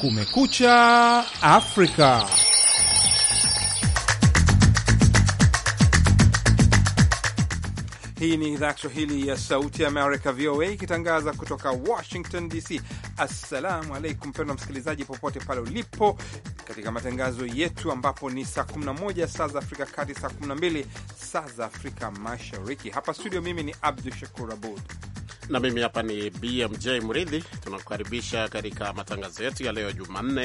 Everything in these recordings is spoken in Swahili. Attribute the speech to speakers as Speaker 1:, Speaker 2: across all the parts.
Speaker 1: Kumekucha Afrika. Hii ni idhaa ya Kiswahili ya Sauti Amerika, VOA, ikitangaza kutoka Washington DC. Assalamu alaikum, mpendwa msikilizaji, popote pale ulipo, katika matangazo yetu ambapo ni saa 11 saa za Afrika Kati, saa 12 saa za Afrika Mashariki. Hapa studio, mimi ni Abdu Shakur Abud
Speaker 2: na mimi hapa ni BMJ Mridhi. Tunakukaribisha katika matangazo yetu ya leo Jumanne,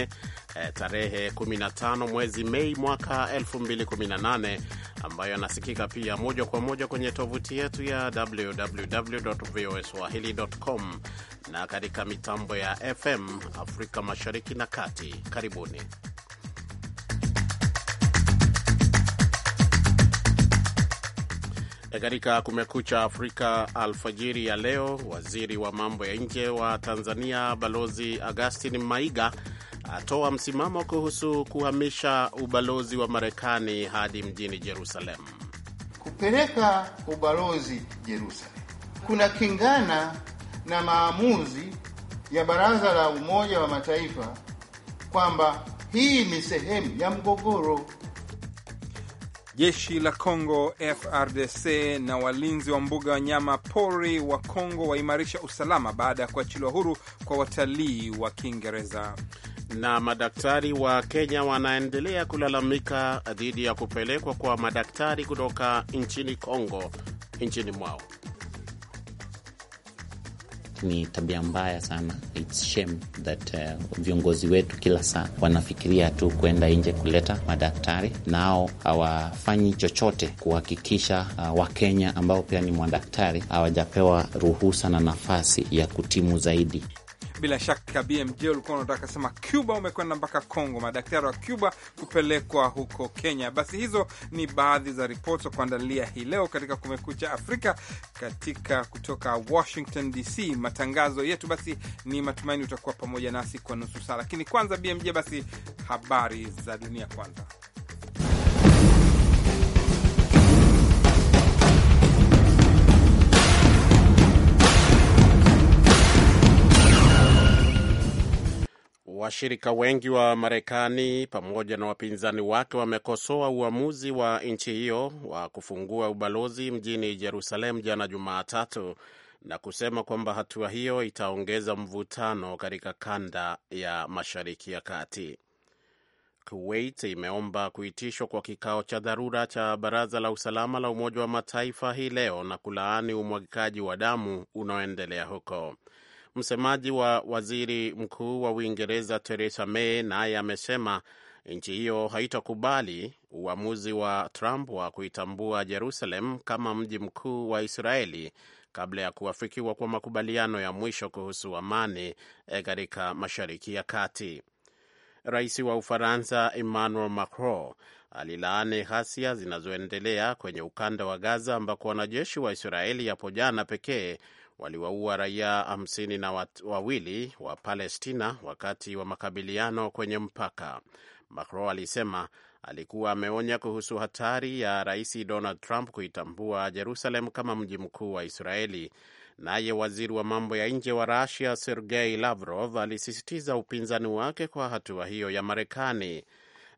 Speaker 2: eh, tarehe 15 mwezi Mei mwaka 2018 ambayo yanasikika pia moja kwa moja kwenye tovuti yetu ya www voa swahili.com na katika mitambo ya FM Afrika mashariki na kati. Karibuni. E, katika Kumekucha Afrika alfajiri ya leo, waziri wa mambo ya nje wa Tanzania Balozi Augustin Maiga atoa msimamo kuhusu kuhamisha ubalozi wa Marekani hadi mjini Jerusalem.
Speaker 3: Kupeleka
Speaker 2: ubalozi Jerusalem
Speaker 3: kuna kingana na maamuzi ya Baraza la Umoja wa Mataifa
Speaker 1: kwamba hii ni sehemu ya mgogoro Jeshi la congo FRDC na walinzi wa mbuga ya wanyama pori wa
Speaker 2: Kongo waimarisha usalama baada ya kuachiliwa huru kwa watalii wa Kiingereza. Na madaktari wa Kenya wanaendelea kulalamika dhidi ya kupelekwa kwa madaktari kutoka nchini Kongo nchini mwao
Speaker 4: ni tabia mbaya sana. It's shame that uh, viongozi wetu kila saa wanafikiria tu kwenda nje kuleta madaktari, nao hawafanyi chochote kuhakikisha uh, Wakenya ambao pia ni madaktari hawajapewa ruhusa na nafasi ya kutimu zaidi.
Speaker 1: Bila shaka BMJ ulikuwa unataka sema Cuba, umekwenda mpaka Kongo, madaktari wa Cuba kupelekwa huko Kenya. Basi hizo ni baadhi za ripoti za kuandalia hii leo katika Kumekucha Afrika katika kutoka Washington DC, matangazo yetu. Basi ni matumaini utakuwa pamoja nasi kwa nusu saa, lakini kwanza BMJ, basi habari za dunia kwanza.
Speaker 2: Washirika wengi wa Marekani pamoja na wapinzani wake wamekosoa uamuzi wa nchi hiyo wa kufungua ubalozi mjini Jerusalem jana Jumatatu na kusema kwamba hatua hiyo itaongeza mvutano katika kanda ya Mashariki ya Kati. Kuwait imeomba kuitishwa kwa kikao cha dharura cha Baraza la Usalama la Umoja wa Mataifa hii leo na kulaani umwagikaji wa damu unaoendelea huko. Msemaji wa waziri mkuu wa Uingereza Theresa May naye amesema nchi hiyo haitakubali uamuzi wa Trump wa kuitambua Jerusalem kama mji mkuu wa Israeli kabla ya kuafikiwa kwa makubaliano ya mwisho kuhusu amani eh, katika Mashariki ya Kati. Rais wa Ufaransa Emmanuel Macron alilaani ghasia zinazoendelea kwenye ukanda wa Gaza ambako wanajeshi wa Israeli hapo jana pekee waliwaua raia hamsini na wawili wa Palestina wakati wa makabiliano kwenye mpaka. Macron alisema alikuwa ameonya kuhusu hatari ya Rais Donald Trump kuitambua Jerusalem kama mji mkuu wa Israeli. Naye waziri wa mambo ya nje wa Rusia Sergei Lavrov alisisitiza upinzani wake kwa hatua hiyo ya Marekani.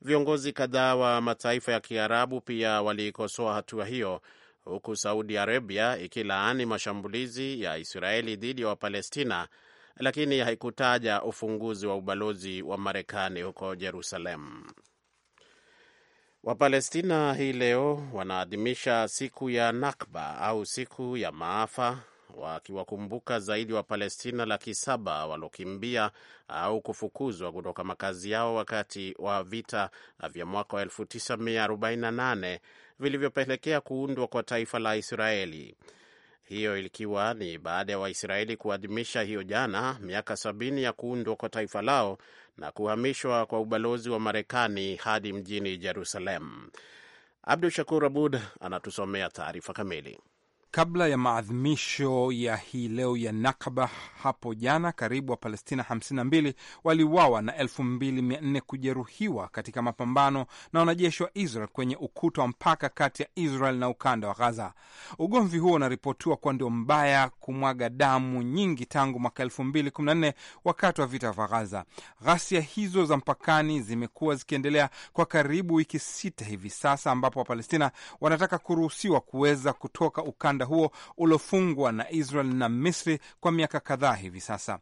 Speaker 2: Viongozi kadhaa wa mataifa ya Kiarabu pia waliikosoa hatua hiyo huku Saudi Arabia ikilaani mashambulizi ya Israeli dhidi ya Wapalestina, lakini haikutaja ufunguzi wa ubalozi wa Marekani huko Jerusalem. Wapalestina hii leo wanaadhimisha siku ya Nakba au siku ya maafa, wakiwakumbuka zaidi Wapalestina laki saba waliokimbia au kufukuzwa kutoka makazi yao wakati wa vita vya mwaka wa 1948 vilivyopelekea kuundwa kwa taifa la Israeli. Hiyo ilikiwa ni baada ya Waisraeli kuadhimisha hiyo jana miaka sabini ya kuundwa kwa taifa lao na kuhamishwa kwa ubalozi wa Marekani hadi mjini Jerusalem. Abdu Shakur Abud anatusomea taarifa kamili
Speaker 1: kabla ya maadhimisho ya hii leo ya Nakba hapo jana, karibu wa Palestina 52 waliuawa na 2400 kujeruhiwa katika mapambano na wanajeshi wa Israel kwenye ukuta wa mpaka kati ya Israel na ukanda wa Ghaza. Ugomvi huo unaripotiwa kuwa ndio mbaya kumwaga damu nyingi tangu mwaka 2014 wakati wa vita vya Ghaza. Ghasia hizo za mpakani zimekuwa zikiendelea kwa karibu wiki sita hivi sasa, ambapo Wapalestina wanataka kuruhusiwa kuweza kutoka ukanda ukanda huo uliofungwa na Israel na Misri kwa miaka kadhaa hivi sasa.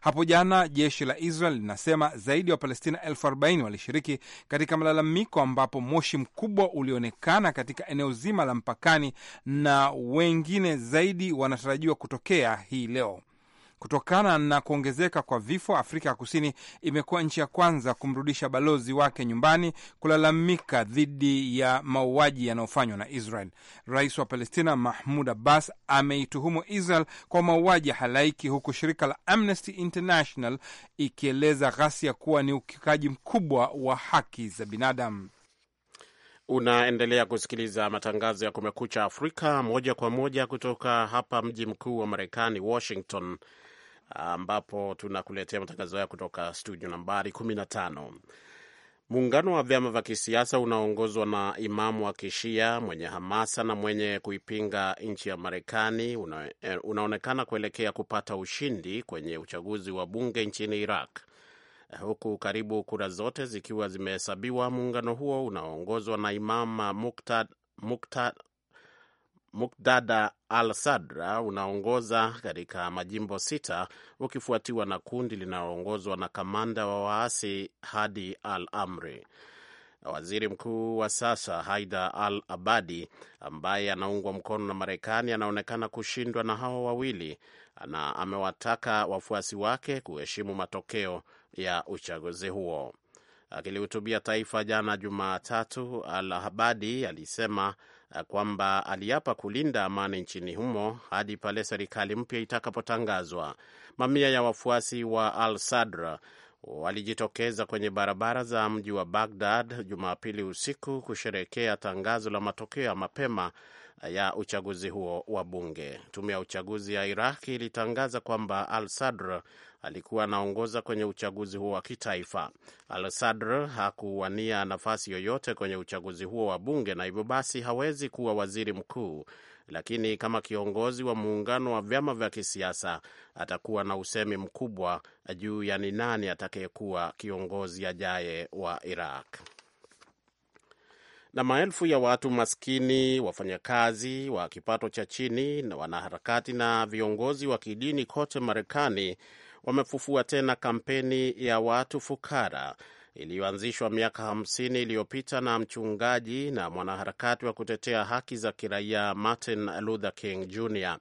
Speaker 1: Hapo jana jeshi la Israel linasema zaidi ya wa Wapalestina elfu arobaini walishiriki katika malalamiko, ambapo moshi mkubwa ulionekana katika eneo zima la mpakani na wengine zaidi wanatarajiwa kutokea hii leo. Kutokana na kuongezeka kwa vifo, Afrika ya Kusini imekuwa nchi ya kwanza kumrudisha balozi wake nyumbani kulalamika dhidi ya mauaji yanayofanywa na Israel. Rais wa Palestina Mahmud Abbas ameituhumu Israel kwa mauaji ya halaiki, huku shirika la Amnesty International ikieleza ghasia kuwa ni ukiukaji mkubwa wa haki za binadamu.
Speaker 2: Unaendelea kusikiliza matangazo ya Kumekucha Afrika moja kwa moja kutoka hapa mji mkuu wa Marekani, Washington ambapo tunakuletea matangazo haya kutoka studio nambari 15. Muungano wa vyama vya kisiasa unaoongozwa na imamu wa kishia mwenye hamasa na mwenye kuipinga nchi ya Marekani una, eh, unaonekana kuelekea kupata ushindi kwenye uchaguzi wa bunge nchini Iraq, huku karibu kura zote zikiwa zimehesabiwa. Muungano huo unaoongozwa na Imam Muktada Muktada al Sadra unaongoza katika majimbo sita ukifuatiwa na kundi linaloongozwa na kamanda wa waasi Hadi al Amri. Waziri mkuu wa sasa haida al Abadi, ambaye anaungwa mkono na Marekani, anaonekana kushindwa na hao wawili na amewataka wafuasi wake kuheshimu matokeo ya uchaguzi huo. Akilihutubia taifa jana Jumatatu, al Abadi alisema Eh, kwamba aliapa kulinda amani nchini humo hadi pale serikali mpya itakapotangazwa. Mamia ya wafuasi wa Al Sadra walijitokeza kwenye barabara za mji wa Bagdad Jumapili usiku kusherekea tangazo la matokeo ya mapema ya uchaguzi huo wa bunge. Tume ya uchaguzi ya Iraq ilitangaza kwamba Al Sadr alikuwa anaongoza kwenye uchaguzi huo wa kitaifa. Al Sadr hakuwania nafasi yoyote kwenye uchaguzi huo wa bunge na hivyo basi hawezi kuwa waziri mkuu, lakini kama kiongozi wa muungano wa vyama vya kisiasa atakuwa na usemi mkubwa juu ya ni nani atakayekuwa kiongozi ajaye wa Iraq na maelfu ya watu maskini, wafanyakazi wa kipato cha chini, na wanaharakati na viongozi wa kidini kote Marekani wamefufua tena kampeni ya watu fukara iliyoanzishwa miaka 50 iliyopita na mchungaji na mwanaharakati wa kutetea haki za kiraia Martin Luther King Jr.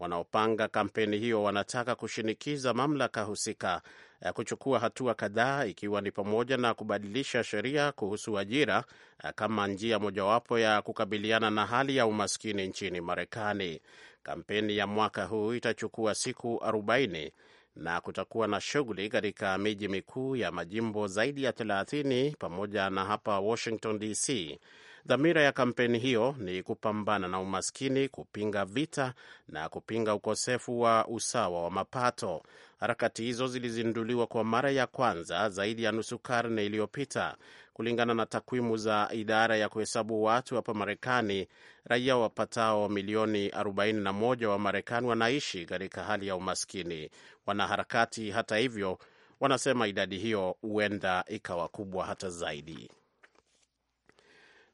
Speaker 2: Wanaopanga kampeni hiyo wanataka kushinikiza mamlaka husika eh, kuchukua hatua kadhaa, ikiwa ni pamoja na kubadilisha sheria kuhusu ajira eh, kama njia mojawapo ya kukabiliana na hali ya umaskini nchini Marekani. Kampeni ya mwaka huu itachukua siku 40 na kutakuwa na shughuli katika miji mikuu ya majimbo zaidi ya 30 pamoja na hapa Washington DC. Dhamira ya kampeni hiyo ni kupambana na umaskini, kupinga vita na kupinga ukosefu wa usawa wa mapato. Harakati hizo zilizinduliwa kwa mara ya kwanza zaidi ya nusu karne iliyopita. Kulingana na takwimu za idara ya kuhesabu watu hapa Marekani, raia wapatao milioni 41 wa Marekani wanaishi katika hali ya umaskini. Wanaharakati hata hivyo wanasema idadi hiyo huenda ikawa kubwa hata zaidi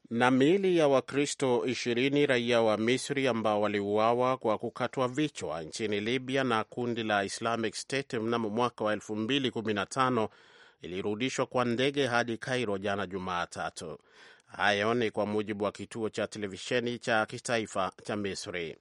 Speaker 2: na miili ya Wakristo ishirini raia wa Misri ambao waliuawa kwa kukatwa vichwa nchini Libya na kundi la Islamic State mnamo mwaka wa 2015 ilirudishwa kwa ndege hadi Cairo jana Jumatatu. Hayo ni kwa mujibu wa kituo cha televisheni cha kitaifa cha Misri.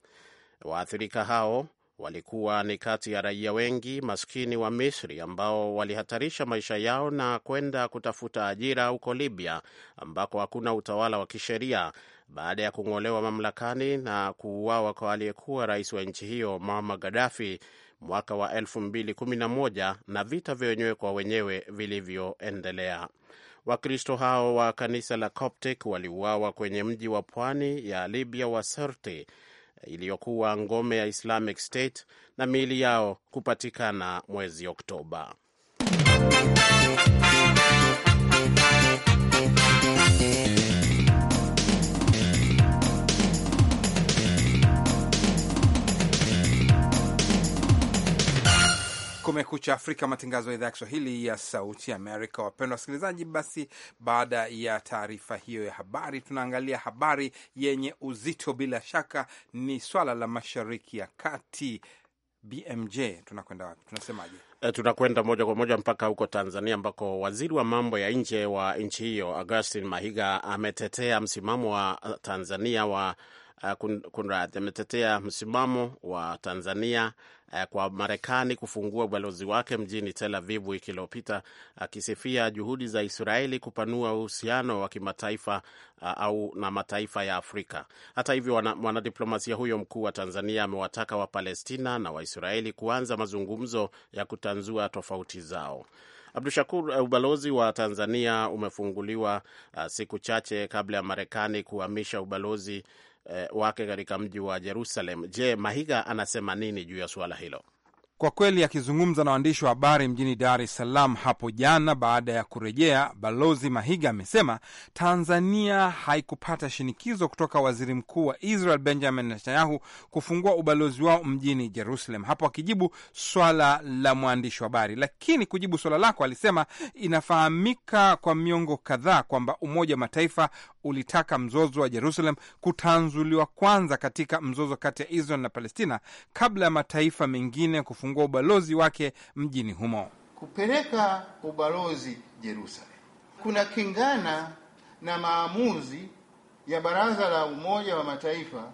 Speaker 2: Waathirika hao walikuwa ni kati ya raia wengi maskini wa Misri ambao walihatarisha maisha yao na kwenda kutafuta ajira huko Libya ambako hakuna utawala wa kisheria baada ya kung'olewa mamlakani na kuuawa kwa aliyekuwa rais wa nchi hiyo Muammar Gaddafi mwaka wa 2011 na vita vya wenyewe kwa wenyewe vilivyoendelea. Wakristo hao wa kanisa la Coptic waliuawa kwenye mji wa pwani ya Libya wa Sirte iliyokuwa ngome ya Islamic State na miili yao kupatikana mwezi Oktoba.
Speaker 1: Kumekucha Afrika, matangazo ya idhaa ya Kiswahili ya Sauti Amerika. Wapendwa wasikilizaji, basi baada ya taarifa hiyo ya habari, tunaangalia habari yenye uzito. Bila shaka ni swala la Mashariki ya Kati. BMJ, tunakwenda wapi? Tunasemaje?
Speaker 2: Eh, tunakwenda moja kwa moja mpaka huko Tanzania ambako waziri wa mambo ya nje wa nchi hiyo Augustin Mahiga ametetea msimamo wa Tanzania wa eh, kunradhi, ametetea msimamo wa Tanzania Eh, kwa Marekani kufungua ubalozi wake mjini Tel Avivu wiki iliyopita, akisifia juhudi za Israeli kupanua uhusiano wa kimataifa eh, au na mataifa ya Afrika. Hata hivyo, mwanadiplomasia huyo mkuu wa Tanzania amewataka Wapalestina na Waisraeli kuanza mazungumzo ya kutanzua tofauti zao. Abdu Shakur, eh, ubalozi wa Tanzania umefunguliwa siku chache kabla ya Marekani kuhamisha ubalozi eh, wake katika mji wa Jerusalem. Je, Mahiga anasema nini juu ya suala hilo?
Speaker 1: Kwa kweli, akizungumza na waandishi wa habari mjini Dar es Salaam hapo jana baada ya kurejea, Balozi Mahiga amesema Tanzania haikupata shinikizo kutoka waziri mkuu wa Israel Benjamin Netanyahu kufungua ubalozi wao mjini Jerusalem, hapo akijibu swala la mwandishi wa habari. Lakini kujibu swala lako, alisema inafahamika kwa miongo kadhaa kwamba Umoja wa Mataifa ulitaka mzozo wa Jerusalem kutanzuliwa kwanza katika mzozo kati ya Israel na Palestina kabla ya mataifa mengine kufungua ubalozi wake mjini humo.
Speaker 3: Kupeleka ubalozi Jerusalem kuna kingana na maamuzi ya Baraza la Umoja wa Mataifa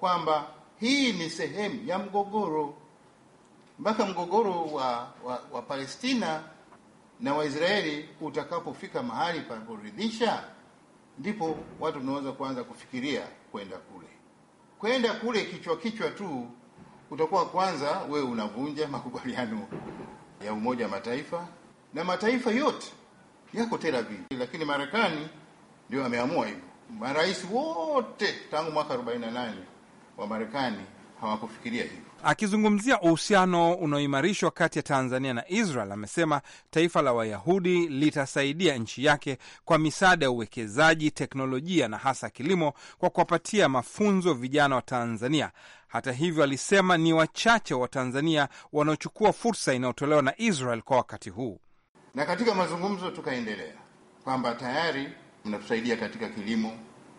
Speaker 3: kwamba hii ni sehemu ya mgogoro mpaka mgogoro wa, wa, wa Palestina na Waisraeli utakapofika mahali paporidhisha, ndipo watu tunaweza kuanza kufikiria kwenda kule. Kwenda kule kichwa kichwa tu utakuwa kwanza wewe unavunja makubaliano ya Umoja wa Mataifa na mataifa yote yako Tel Aviv, lakini Marekani ndio ameamua hivyo. Marais wote tangu mwaka 48 wa Marekani hawakufikiria hivyo.
Speaker 1: Akizungumzia uhusiano unaoimarishwa kati ya Tanzania na Israel, amesema taifa la Wayahudi litasaidia nchi yake kwa misaada ya uwekezaji, teknolojia na hasa kilimo, kwa kuwapatia mafunzo vijana wa Tanzania hata hivyo, alisema ni wachache wa Tanzania wanaochukua fursa inayotolewa na Israel kwa wakati huu.
Speaker 3: Na katika mazungumzo tukaendelea kwamba tayari mnatusaidia katika kilimo.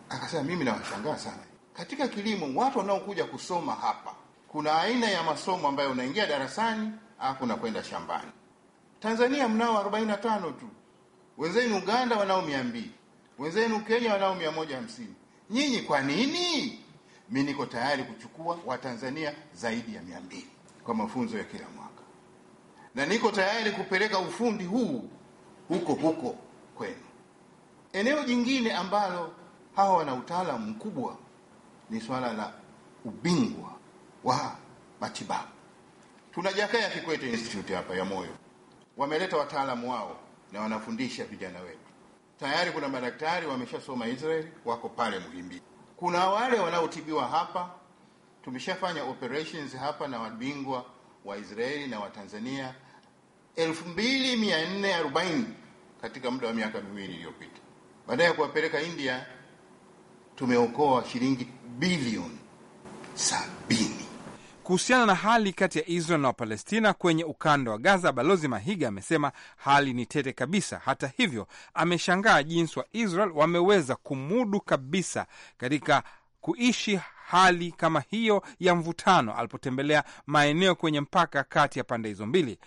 Speaker 3: Akasema mimi nawashangaa sana katika kilimo, watu wanaokuja kusoma hapa, kuna aina ya masomo ambayo unaingia darasani afu unakwenda shambani. Tanzania mnao 45 tu, wenzenu Uganda wanao 2 wenzenu Kenya wanao 150. Nyinyi kwa nini mi niko tayari kuchukua Watanzania zaidi ya mia mbili kwa mafunzo ya kila mwaka, na niko tayari kupeleka ufundi huu huko huko kwenu. Eneo jingine ambalo hawa wana utaalamu mkubwa ni swala la ubingwa wa matibabu. Tuna Jakaya Kikwete Institute hapa ya moyo, wameleta wataalamu wao na wanafundisha vijana wetu. Tayari kuna madaktari wameshasoma Israeli, wako pale Muhimbili. Kuna wale wanaotibiwa hapa, tumeshafanya operations hapa na wabingwa wa Israeli na Watanzania 2440 katika muda wa miaka miwili iliyopita. Baada ya kuwapeleka India tumeokoa shilingi bilioni
Speaker 1: sabini. Kuhusiana na hali kati ya Israel na Wapalestina kwenye ukanda wa Gaza, Balozi Mahiga amesema hali ni tete kabisa. Hata hivyo, ameshangaa jinsi wa Israel wameweza kumudu kabisa katika kuishi hali kama hiyo ya mvutano, alipotembelea maeneo kwenye mpaka kati ya pande hizo mbili.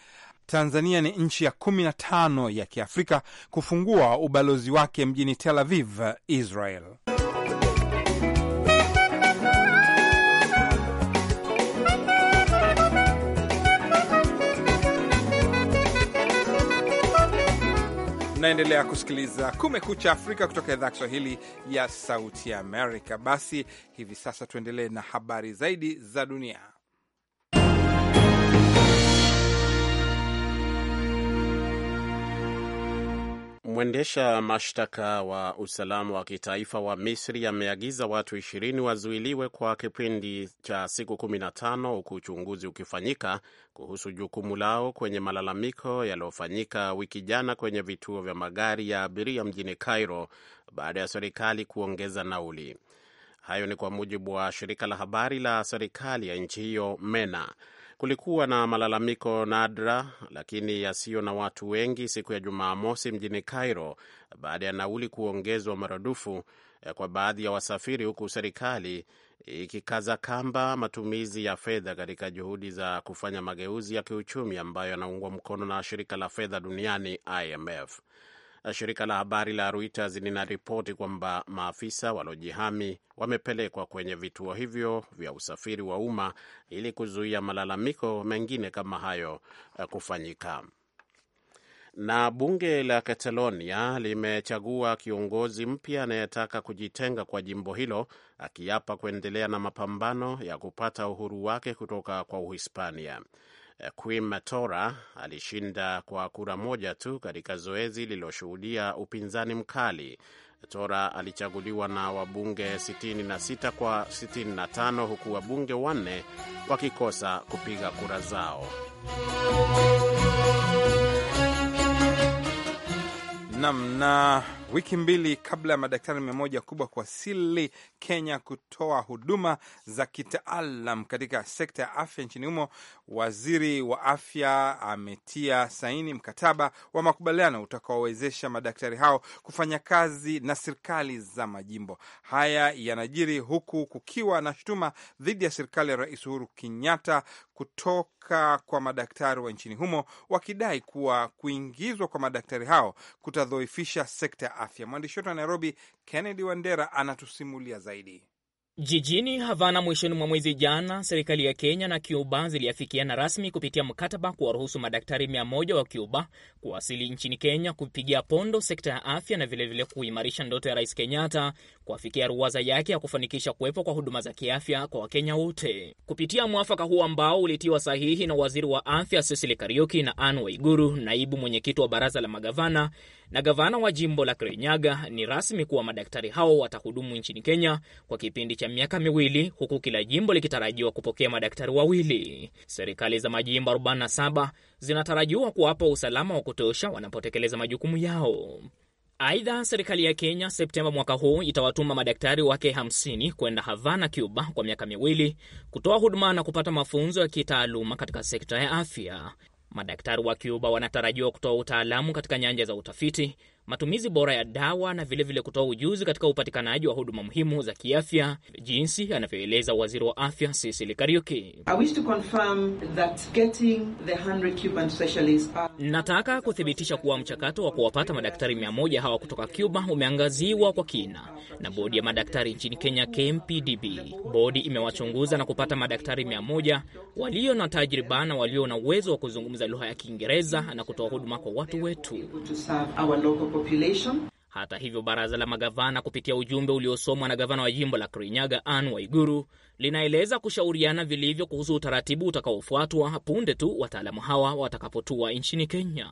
Speaker 1: Tanzania ni nchi ya kumi na tano ya Kiafrika kufungua ubalozi wake mjini Tel Aviv, Israel. Mnaendelea kusikiliza Kumekucha Afrika kutoka idhaa ya Kiswahili ya Sauti ya Amerika. Basi hivi sasa tuendelee na habari zaidi za dunia.
Speaker 2: Mwendesha mashtaka wa usalama wa kitaifa wa Misri ameagiza watu ishirini wazuiliwe kwa kipindi cha siku kumi na tano huku uchunguzi ukifanyika kuhusu jukumu lao kwenye malalamiko yaliyofanyika wiki jana kwenye vituo vya magari ya abiria mjini Cairo baada ya serikali kuongeza nauli. Hayo ni kwa mujibu wa shirika la habari la serikali ya nchi hiyo MENA. Kulikuwa na malalamiko nadra lakini yasiyo na watu wengi siku ya Jumamosi mjini Cairo baada ya nauli kuongezwa maradufu eh, kwa baadhi ya wasafiri, huku serikali ikikaza kamba matumizi ya fedha katika juhudi za kufanya mageuzi ya kiuchumi ambayo yanaungwa mkono na shirika la fedha duniani IMF. Shirika la habari la Reuters linaripoti kwamba maafisa waliojihami wamepelekwa kwenye vituo hivyo vya usafiri wa umma ili kuzuia malalamiko mengine kama hayo eh, kufanyika. Na bunge la Catalonia limechagua kiongozi mpya anayetaka kujitenga kwa jimbo hilo, akiapa kuendelea na mapambano ya kupata uhuru wake kutoka kwa Uhispania. Eh, Quim Matora alishinda kwa kura moja tu katika zoezi lililoshuhudia upinzani mkali. Tora alichaguliwa na wabunge 66 kwa 65 huku wabunge wanne wakikosa kupiga kura zao.
Speaker 1: Nam na wiki mbili kabla ya madaktari mia moja kubwa kuwasili Kenya kutoa huduma za kitaalam katika sekta ya afya nchini humo, waziri wa afya ametia saini mkataba wa makubaliano utakaowezesha madaktari hao kufanya kazi na serikali za majimbo. Haya yanajiri huku kukiwa na shutuma dhidi ya serikali ya Rais Uhuru Kenyatta kutoka kwa madaktari wa nchini humo, wakidai kuwa kuingizwa kwa madaktari hao kuta inadhoifisha sekta ya afya. Mwandishi wetu wa Nairobi, Kennedy Wandera, anatusimulia zaidi.
Speaker 5: Jijini Havana mwishoni mwa mwezi jana, serikali ya Kenya na Cuba ziliafikiana rasmi kupitia mkataba kuwaruhusu madaktari 1 wa Cuba kuwasili nchini Kenya kupigia pondo sekta ya afya na vilevile kuimarisha ndoto ya Rais Kenyatta kuafikia ruwaza yake ya kufanikisha kuwepo kwa huduma za kiafya kwa Wakenya wote. Kupitia mwafaka huu ambao ulitiwa sahihi na waziri wa afya Sicily Kariuki na Anne Waiguru, naibu mwenyekiti wa baraza la magavana na gavana wa jimbo la Kirinyaga, ni rasmi kuwa madaktari hao watahudumu nchini Kenya kwa kipindi cha miaka miwili, huku kila jimbo likitarajiwa kupokea madaktari wawili. Serikali za majimbo 47 zinatarajiwa kuwapa usalama wa kutosha wanapotekeleza majukumu yao. Aidha, serikali ya Kenya Septemba mwaka huu itawatuma madaktari wake 50 kwenda Havana, Cuba, kwa miaka miwili kutoa huduma na kupata mafunzo ya kitaaluma katika sekta ya afya. Madaktari wa Cuba wanatarajiwa kutoa utaalamu katika nyanja za utafiti, matumizi bora ya dawa na vilevile kutoa ujuzi katika upatikanaji wa huduma muhimu za kiafya, jinsi anavyoeleza waziri wa afya sisili Kariuki. Nataka kuthibitisha kuwa mchakato wa kuwapata madaktari mia moja hawa kutoka Cuba umeangaziwa kwa kina na bodi ya madaktari nchini Kenya, KMPDB. Bodi imewachunguza na kupata madaktari mia moja walio na tajriba na walio na uwezo wa kuzungumza lugha ya Kiingereza na kutoa huduma kwa watu wetu. population Hata hivyo, baraza la magavana kupitia ujumbe uliosomwa na gavana wa jimbo la Kirinyaga an Waiguru linaeleza kushauriana vilivyo kuhusu utaratibu utakaofuatwa punde tu wataalamu hawa watakapotua nchini Kenya.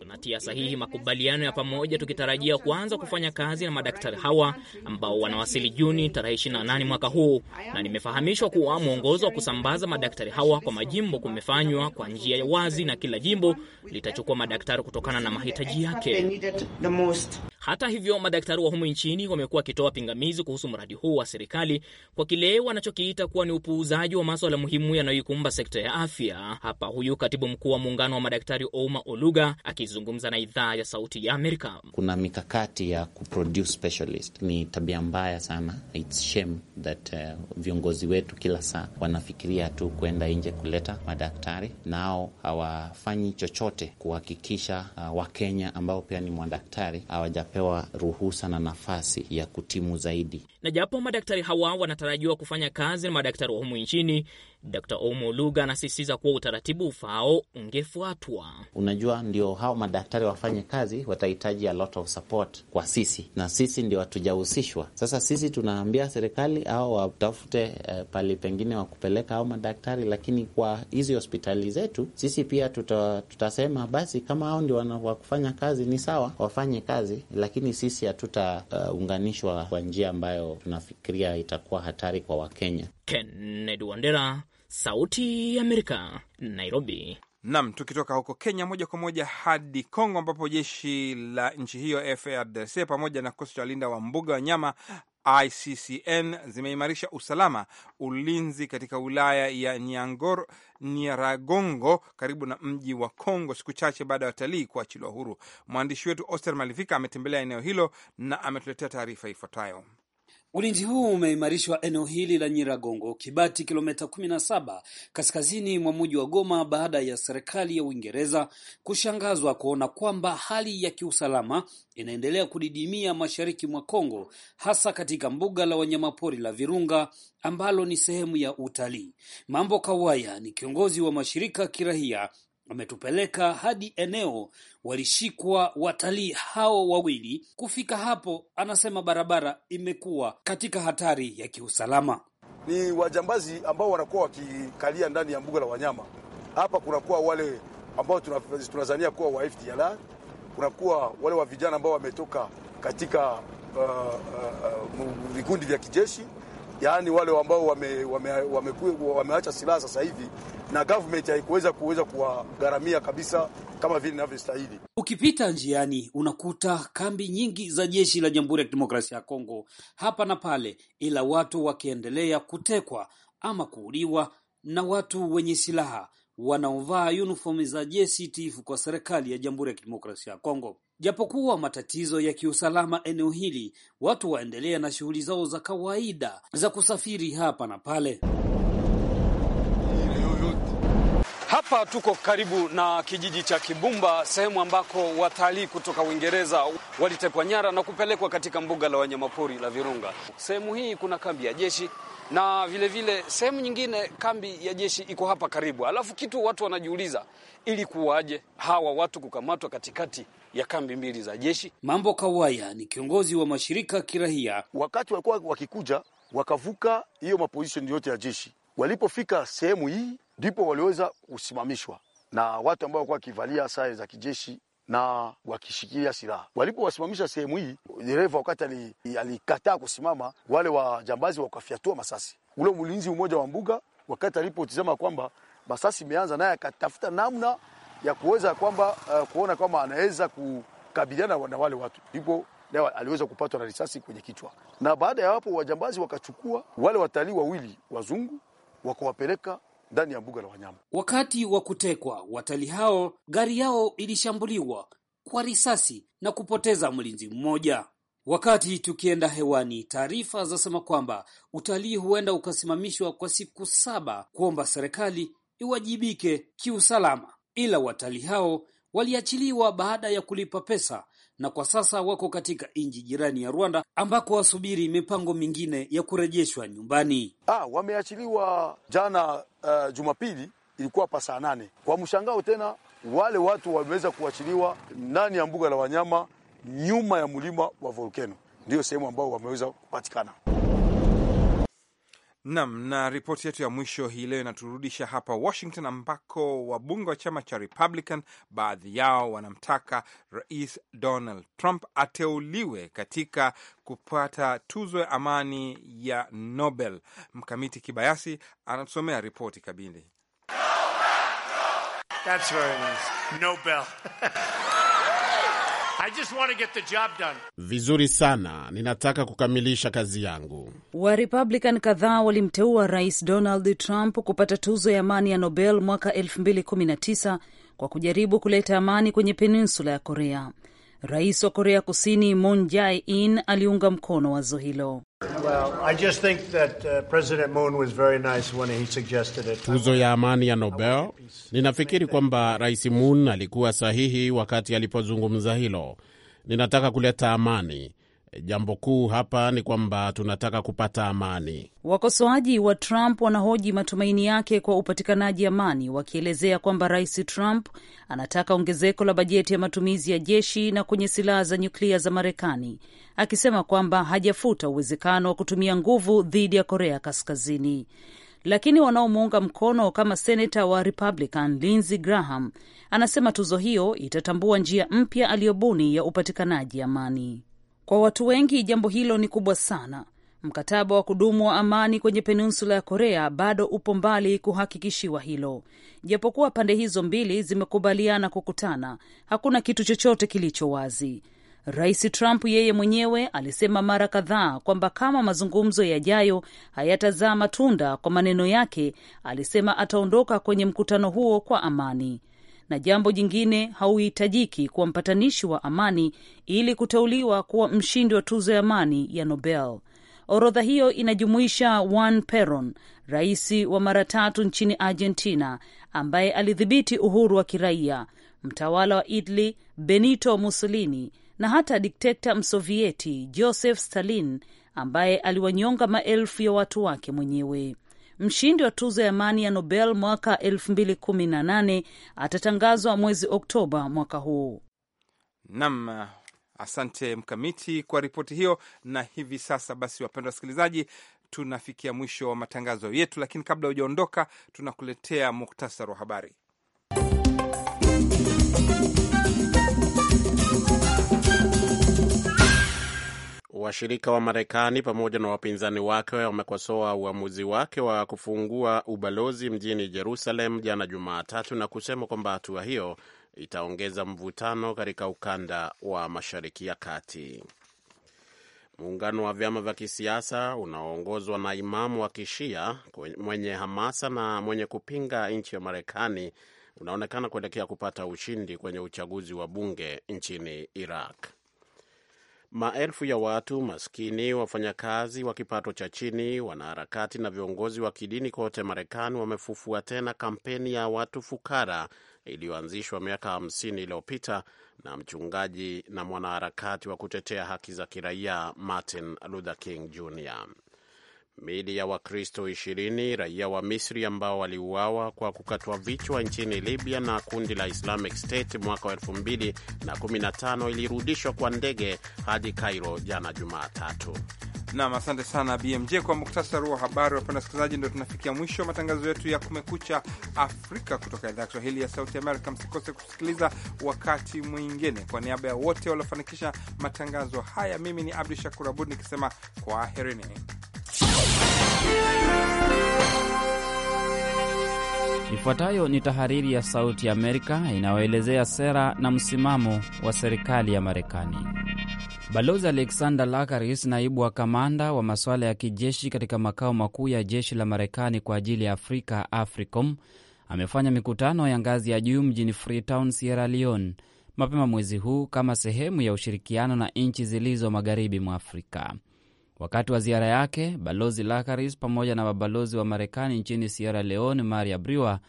Speaker 5: Tunatia sahihi makubaliano ya pamoja tukitarajia kuanza kufanya kazi na madaktari hawa ambao wanawasili Juni tarehe 28 mwaka huu, na nimefahamishwa kuwa mwongozo wa kusambaza madaktari hawa kwa majimbo kumefanywa kwa njia ya wazi na kila jimbo litachukua madaktari kutokana na mahitaji yake.
Speaker 6: the most
Speaker 5: Hata hivyo, madaktari wa humu nchini wamekuwa wakitoa pingamizi kuhusu mradi huu wa serikali kwa kile wanachokiita kuwa ni upuuzaji wa maswala muhimu yanayoikumba sekta ya afya. Hapa huyu katibu mkuu wa muungano wa madaktari Ouma Oluga akizungumza na idhaa ya Sauti ya Amerika.
Speaker 4: Kuna mikakati ya kuproduce specialist. Ni tabia mbaya sana, it's shame that uh, viongozi wetu kila saa wanafikiria tu kwenda nje kuleta madaktari, nao hawafanyi chochote kuhakikisha uh, Wakenya ambao pia ni mwadaktari hawaja watapewa ruhusa na nafasi ya kutimu zaidi.
Speaker 5: Na japo madaktari hawa wanatarajiwa kufanya kazi na madaktari wa humu nchini, d Omo Luga anasisitiza kuwa utaratibu ufaao ungefuatwa.
Speaker 4: Unajua, ndio hao madaktari wafanye kazi, watahitaji a lot of support kwa sisi, na sisi ndio hatujahusishwa. Sasa sisi tunaambia serikali au watafute eh, pali pengine wa kupeleka hao madaktari, lakini kwa hizi hospitali zetu sisi pia tuta, tutasema basi kama hao ndio wakufanya kazi ni sawa, wafanye kazi, lakini sisi hatutaunganishwa eh, uh, kwa njia ambayo tunafikiria itakuwa hatari kwa Wakenya.
Speaker 5: Kennedy Wandera, Sauti ya Amerika, Nairobi. Nam, tukitoka huko Kenya moja kwa moja hadi Kongo
Speaker 1: ambapo jeshi la nchi hiyo FARDC pamoja na kikosi cha walinda wa mbuga wanyama ICCN zimeimarisha usalama ulinzi katika wilaya ya Nyangor, Nyaragongo karibu na mji wa Kongo, siku chache baada ya watalii kuachiliwa huru. Mwandishi wetu Oster Malivika ametembelea eneo hilo na ametuletea taarifa ifuatayo.
Speaker 7: Ulinzi huu umeimarishwa eneo hili la Nyiragongo, Kibati, kilomita 17 kaskazini mwa mji wa Goma baada ya serikali ya Uingereza kushangazwa kuona kwamba hali ya kiusalama inaendelea kudidimia mashariki mwa Kongo, hasa katika mbuga la wanyamapori la Virunga ambalo ni sehemu ya utalii. Mambo Kawaya ni kiongozi wa mashirika kirahia wametupeleka hadi eneo walishikwa watalii hao wawili. Kufika hapo, anasema barabara imekuwa
Speaker 8: katika hatari
Speaker 7: ya kiusalama.
Speaker 8: Ni wajambazi ambao wanakuwa wakikalia ndani ya mbuga la wanyama. Hapa kunakuwa wale ambao tunazania kuwa wa FDLR, kunakuwa wale wa vijana ambao wametoka katika vikundi uh, uh, uh, vya kijeshi, yaani wale ambao wameacha wame, wame, wame silaha sasa hivi na government haikuweza kuweza kuwagharamia kabisa kama vile inavyostahili.
Speaker 7: Ukipita njiani unakuta kambi nyingi za jeshi la Jamhuri ya Kidemokrasia ya Kongo hapa na pale, ila watu wakiendelea kutekwa ama kuuliwa na watu wenye silaha wanaovaa uniform za jeshi tifu kwa serikali ya Jamhuri ya Kidemokrasia ya Kongo. Japokuwa matatizo ya kiusalama eneo hili, watu waendelea na shughuli zao za kawaida za kusafiri hapa na pale. Hapa tuko karibu na kijiji cha Kibumba, sehemu ambako watalii kutoka Uingereza walitekwa nyara na kupelekwa katika mbuga la wanyamapori la Virunga. Sehemu hii kuna kambi ya jeshi na vilevile sehemu nyingine kambi ya jeshi iko hapa karibu. Alafu kitu watu wanajiuliza, ili kuwaje hawa watu kukamatwa katikati
Speaker 8: ya kambi mbili za jeshi? Mambo Kawaya ni kiongozi wa mashirika kirahia. Wakati walikuwa wakikuja, wakavuka hiyo maposition yote ya jeshi, walipofika sehemu hii ndipo waliweza kusimamishwa na watu ambao walikuwa wakivalia sare za kijeshi na wakishikilia silaha. Walipowasimamisha sehemu hii, dereva wakati alikataa kusimama, wale wajambazi wakafyatua masasi. Ule mlinzi mmoja wa mbuga, wakati alipotizama kwamba masasi imeanza, naye akatafuta namna ya kuweza kwamba uh, kuona kwamba anaweza kukabiliana na wale watu, ndipo leo aliweza kupatwa na risasi kwenye kichwa. Na baada ya hapo, wajambazi wakachukua wale watalii wawili wazungu wakawapeleka ndani ya mbuga la wanyama.
Speaker 7: Wakati wa kutekwa, watalii hao gari yao ilishambuliwa kwa risasi na kupoteza mlinzi mmoja. Wakati tukienda hewani, taarifa zasema kwamba utalii huenda ukasimamishwa kwa siku saba, kuomba serikali iwajibike kiusalama, ila watalii hao waliachiliwa baada ya kulipa pesa na kwa sasa wako katika nchi jirani ya Rwanda ambako wasubiri mipango
Speaker 8: mingine ya kurejeshwa nyumbani. Ah, wameachiliwa jana uh, Jumapili ilikuwa hapa saa nane. Kwa mshangao tena wale watu wameweza kuachiliwa ndani ya mbuga la wanyama nyuma ya mlima wa volkeno, ndiyo sehemu ambao wameweza kupatikana.
Speaker 1: Nam na ripoti yetu ya mwisho hii leo inaturudisha hapa Washington, ambako wabunge wa chama cha Republican baadhi yao wanamtaka Rais Donald Trump ateuliwe katika kupata tuzo ya amani ya Nobel. Mkamiti Kibayasi anatusomea ripoti kabili.
Speaker 2: Nobel. I just want to get the job done. Vizuri sana, ninataka kukamilisha kazi yangu.
Speaker 6: Wa Republican kadhaa walimteua Rais Donald Trump kupata tuzo ya amani ya Nobel mwaka 2019 kwa kujaribu kuleta amani kwenye peninsula ya Korea. Rais wa Korea Kusini Moon Jae-in aliunga mkono wazo hilo.
Speaker 2: Uh, Tuzo ya amani ya Nobel, ninafikiri kwamba Rais Moon alikuwa sahihi wakati alipozungumza hilo. Ninataka kuleta amani Jambo kuu hapa ni kwamba tunataka kupata amani.
Speaker 6: Wakosoaji wa Trump wanahoji matumaini yake kwa upatikanaji amani, wakielezea kwamba Rais Trump anataka ongezeko la bajeti ya matumizi ya jeshi na kwenye silaha za nyuklia za Marekani, akisema kwamba hajafuta uwezekano wa kutumia nguvu dhidi ya Korea Kaskazini. Lakini wanaomuunga mkono kama senata wa Republican Lindsey Graham anasema tuzo hiyo itatambua njia mpya aliyobuni ya upatikanaji amani. Kwa watu wengi jambo hilo ni kubwa sana. Mkataba wa kudumu wa amani kwenye peninsula ya Korea bado upo mbali kuhakikishiwa hilo. Japokuwa pande hizo mbili zimekubaliana kukutana, hakuna kitu chochote kilicho wazi. Rais Trump yeye mwenyewe alisema mara kadhaa kwamba kama mazungumzo yajayo hayatazaa matunda kwa maneno yake, alisema ataondoka kwenye mkutano huo kwa amani. Na jambo jingine, hauhitajiki kuwa mpatanishi wa amani ili kuteuliwa kuwa mshindi wa tuzo ya amani ya Nobel. Orodha hiyo inajumuisha Juan Peron, rais wa mara tatu nchini Argentina ambaye alidhibiti uhuru wa kiraia, mtawala wa Italy Benito Mussolini na hata dikteta Msovieti Joseph Stalin ambaye aliwanyonga maelfu ya watu wake mwenyewe. Mshindi wa tuzo ya amani ya Nobel mwaka 2018 atatangazwa mwezi Oktoba mwaka huu.
Speaker 1: Naam. Asante Mkamiti kwa ripoti hiyo. Na hivi sasa basi, wapendwa wasikilizaji, tunafikia mwisho wa matangazo yetu, lakini kabla hujaondoka, tunakuletea
Speaker 2: muktasari wa habari. washirika wa Marekani pamoja na wapinzani wake wamekosoa uamuzi wake wa kufungua ubalozi mjini Jerusalem jana Jumatatu na kusema kwamba hatua hiyo itaongeza mvutano katika ukanda wa Mashariki ya Kati. Muungano wa vyama vya kisiasa unaoongozwa na imamu wa Kishia mwenye hamasa na mwenye kupinga nchi ya Marekani unaonekana kuelekea kupata ushindi kwenye uchaguzi wa bunge nchini Iraq. Maelfu ya watu maskini, wafanyakazi wa kipato cha chini, wanaharakati na viongozi wa kidini kote Marekani wamefufua tena kampeni ya watu fukara iliyoanzishwa miaka 50 iliyopita na mchungaji na mwanaharakati wa kutetea haki za kiraia Martin Luther King Jr. Miili ya Wakristo ishirini raia wa Misri ambao waliuawa kwa kukatwa vichwa nchini Libya na kundi la Islamic State mwaka wa 2015 ilirudishwa kwa ndege hadi Cairo jana Jumatatu. Nam,
Speaker 1: asante sana BMJ kwa muktasari wa habari. Wapenda wasikilizaji, ndo tunafikia mwisho wa matangazo yetu ya Kumekucha Afrika kutoka idhaa ya Kiswahili ya Sauti Amerika. Msikose kusikiliza wakati mwingine. Kwa niaba ya wote waliofanikisha matangazo haya, mimi ni Abdu Shakur Abud nikisema kwaherini.
Speaker 9: Ifuatayo ni tahariri ya Sauti ya Amerika inayoelezea sera na msimamo wa serikali ya Marekani. Balozi Alexander Lakaris, naibu wa kamanda wa masuala ya kijeshi katika makao makuu ya jeshi la Marekani kwa ajili ya Afrika, AFRICOM, amefanya mikutano ya ngazi ya juu mjini Freetown, Sierra Leone, mapema mwezi huu kama sehemu ya ushirikiano na nchi zilizo magharibi mwa Afrika. Wakati wa ziara yake, Balozi Lakaris pamoja na mabalozi wa Marekani nchini Sierra Leone Maria Briwa,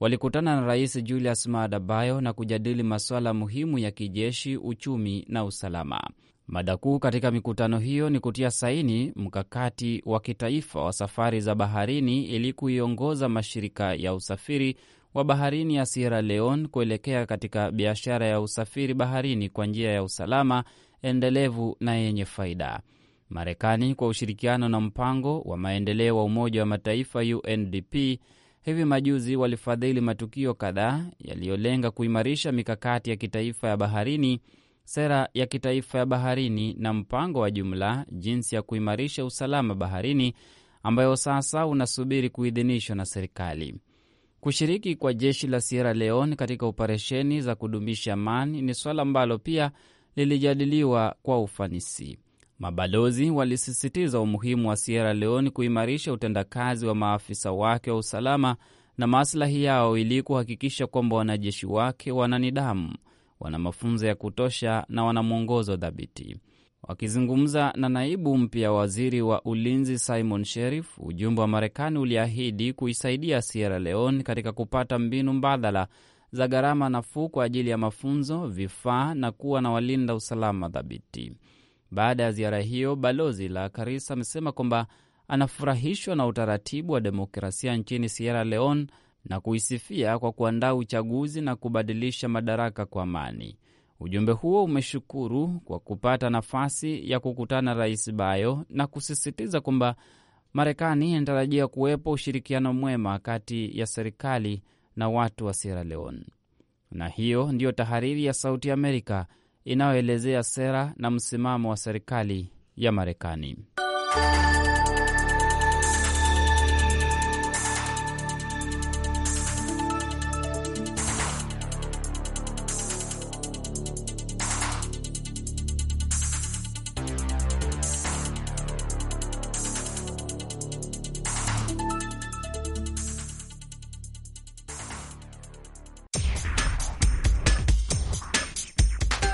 Speaker 9: walikutana na Rais Julius Maada Bio na kujadili masuala muhimu ya kijeshi, uchumi na usalama. Mada kuu katika mikutano hiyo ni kutia saini mkakati wa kitaifa wa safari za baharini ili kuiongoza mashirika ya usafiri wa baharini ya Sierra Leone kuelekea katika biashara ya usafiri baharini kwa njia ya usalama, endelevu na yenye faida. Marekani kwa ushirikiano na mpango wa maendeleo wa Umoja wa Mataifa UNDP hivi majuzi walifadhili matukio kadhaa yaliyolenga kuimarisha mikakati ya kitaifa ya baharini, sera ya kitaifa ya baharini na mpango wa jumla jinsi ya kuimarisha usalama baharini ambayo sasa unasubiri kuidhinishwa na serikali. Kushiriki kwa jeshi la Sierra Leone katika operesheni za kudumisha amani ni swala ambalo pia lilijadiliwa kwa ufanisi. Mabalozi walisisitiza umuhimu wa Sierra Leone kuimarisha utendakazi wa maafisa wake wa usalama na maslahi yao ili kuhakikisha kwamba wanajeshi wake wana nidhamu, wana mafunzo ya kutosha na wana mwongozo dhabiti. Wakizungumza na naibu mpya waziri wa ulinzi Simon Sherif, ujumbe wa Marekani uliahidi kuisaidia Sierra Leone katika kupata mbinu mbadala za gharama nafuu kwa ajili ya mafunzo, vifaa na kuwa na walinda usalama dhabiti. Baada ya ziara hiyo, balozi la Karis amesema kwamba anafurahishwa na utaratibu wa demokrasia nchini Sierra Leone na kuisifia kwa kuandaa uchaguzi na kubadilisha madaraka kwa amani. Ujumbe huo umeshukuru kwa kupata nafasi ya kukutana Rais Bayo na kusisitiza kwamba Marekani inatarajia kuwepo ushirikiano mwema kati ya serikali na watu wa Sierra Leone. Na hiyo ndiyo tahariri ya Sauti Amerika inayoelezea sera na msimamo wa serikali ya Marekani.